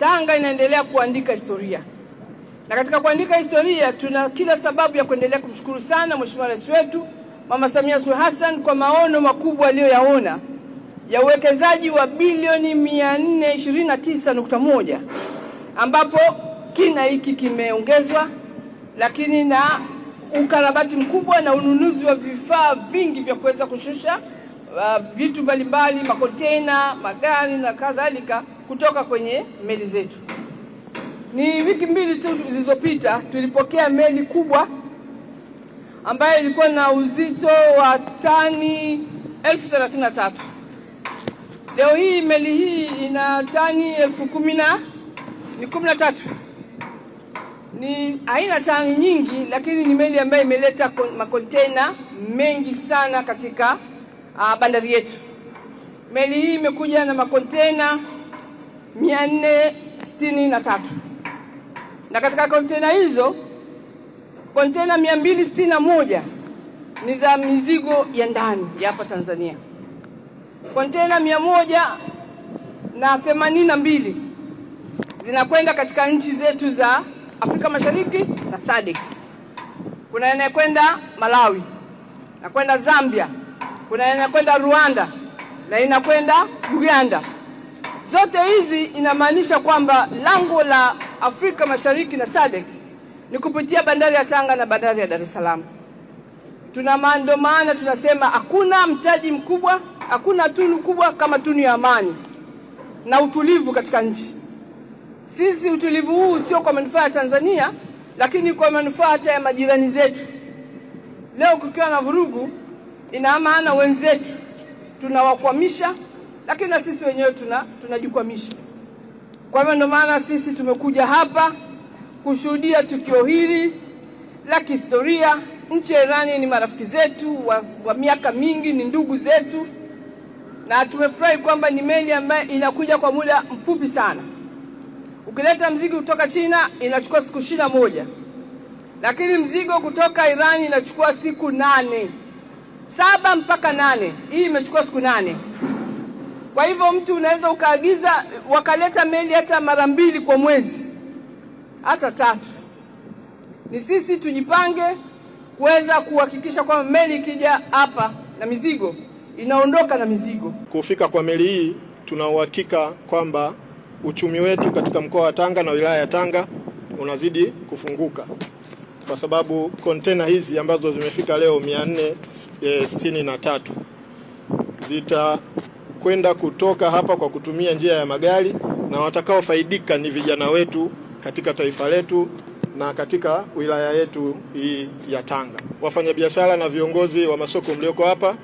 Tanga inaendelea kuandika historia, na katika kuandika historia tuna kila sababu ya kuendelea kumshukuru sana Mheshimiwa Rais wetu Mama Samia Suluhu Hassan kwa maono makubwa aliyoyaona ya uwekezaji wa bilioni 429.1 ambapo kina hiki kimeongezwa, lakini na ukarabati mkubwa na ununuzi wa vifaa vingi vya kuweza kushusha uh, vitu mbalimbali, makontena, magari na kadhalika kutoka kwenye meli zetu. Ni wiki mbili tu zilizopita tulipokea meli kubwa ambayo ilikuwa na uzito wa tani elfu thelathini na tatu. Leo hii meli hii ina tani elfu kumi na ni kumi na tatu. Ni haina tani nyingi, lakini ni meli ambayo imeleta makontena mengi sana katika uh, bandari yetu. Meli hii imekuja na makontena 463 na katika kontena hizo kontena 261 ni za mizigo ya ndani ya hapa Tanzania, kontena 182 zinakwenda katika nchi zetu za Afrika Mashariki na SADC. Kuna inakwenda Malawi, nakwenda Zambia, kuna inakwenda Rwanda na inakwenda Uganda. Zote hizi inamaanisha kwamba lango la Afrika Mashariki na SADC ni kupitia bandari ya Tanga na bandari ya Dar es Salaam. Tuna maana tunasema hakuna mtaji mkubwa, hakuna tunu kubwa kama tunu ya amani na utulivu katika nchi. Sisi utulivu huu sio kwa manufaa ya Tanzania, lakini kwa manufaa hata ya majirani zetu. Leo kukiwa na vurugu, ina maana wenzetu tunawakwamisha lakini na sisi wenyewe tuna tunajikwamisha. Kwa hivyo ndio maana sisi tumekuja hapa kushuhudia tukio hili la kihistoria. Nchi ya Irani ni marafiki zetu wa, wa miaka mingi, ni ndugu zetu, na tumefurahi kwamba ni meli ambayo inakuja kwa muda mfupi sana. Ukileta mzigo kutoka China inachukua siku ishirini na moja lakini mzigo kutoka Irani inachukua siku nane saba mpaka nane. Hii imechukua siku nane. Kwa hivyo mtu unaweza ukaagiza wakaleta meli hata mara mbili kwa mwezi hata tatu. Ni sisi tujipange kuweza kuhakikisha kwamba meli ikija hapa na mizigo inaondoka na mizigo. Kufika kwa meli hii, tuna uhakika kwamba uchumi wetu katika mkoa wa Tanga na wilaya ya Tanga unazidi kufunguka kwa sababu kontena hizi ambazo zimefika leo 463 eh, zita kwenda kutoka hapa kwa kutumia njia ya magari, na watakaofaidika ni vijana wetu katika taifa letu na katika wilaya yetu hii ya Tanga. Wafanyabiashara na viongozi wa masoko mlioko hapa,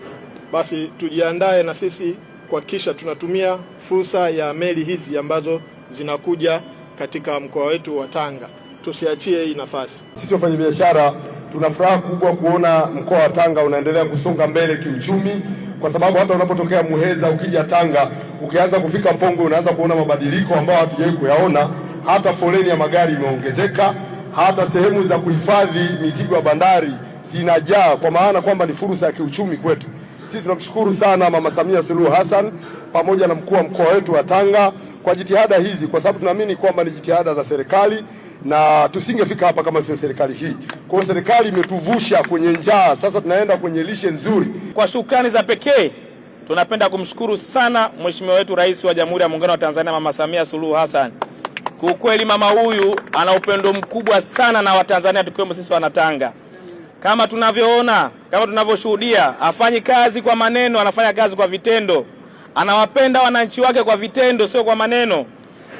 basi tujiandae na sisi kuhakikisha tunatumia fursa ya meli hizi ambazo zinakuja katika mkoa wetu wa Tanga. Tusiachie hii nafasi. Sisi wafanyabiashara tuna furaha kubwa kuona mkoa wa Tanga unaendelea kusonga mbele kiuchumi kwa sababu hata unapotokea Muheza ukija Tanga, ukianza kufika Pongwe unaanza kuona mabadiliko ambayo hatujawahi kuyaona. Hata foleni ya magari imeongezeka, hata sehemu za kuhifadhi mizigo ya bandari zinajaa, kwa maana kwamba ni fursa ya kiuchumi kwetu. Sisi tunamshukuru sana Mama Samia Suluhu Hassan pamoja na mkuu wa mkoa wetu wa Tanga kwa jitihada hizi, kwa sababu tunaamini kwamba ni jitihada za serikali na tusingefika hapa kama sio serikali hii. Kwa hiyo serikali imetuvusha kwenye njaa, sasa tunaenda kwenye lishe nzuri. Kwa shukrani za pekee tunapenda kumshukuru sana mheshimiwa wetu Rais wa Jamhuri ya Muungano wa Tanzania Mama Samia Suluhu Hassan. Kiukweli mama huyu ana upendo mkubwa sana na Watanzania tukiwemo sisi Wanatanga, kama tunavyoona, kama tunavyoshuhudia, afanyi kazi kwa maneno, anafanya kazi kwa vitendo. Anawapenda wananchi wake kwa vitendo, sio kwa maneno.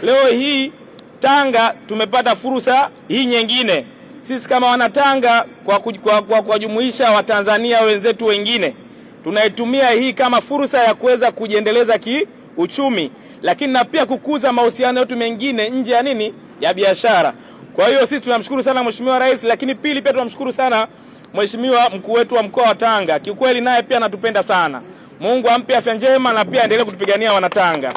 Leo hii Tanga tumepata fursa hii nyingine, sisi kama Wanatanga, kwa kuwajumuisha Watanzania wenzetu wengine tunaitumia hii kama fursa ya kuweza kujiendeleza kiuchumi, lakini na pia kukuza mahusiano yetu mengine nje ya nini, ya biashara. Kwa hiyo sisi tunamshukuru sana Mheshimiwa Rais, lakini pili pia tunamshukuru sana Mheshimiwa mkuu wetu wa mkoa wa Tanga. Kiukweli naye pia anatupenda sana. Mungu ampe afya njema na pia aendelee kutupigania Wanatanga.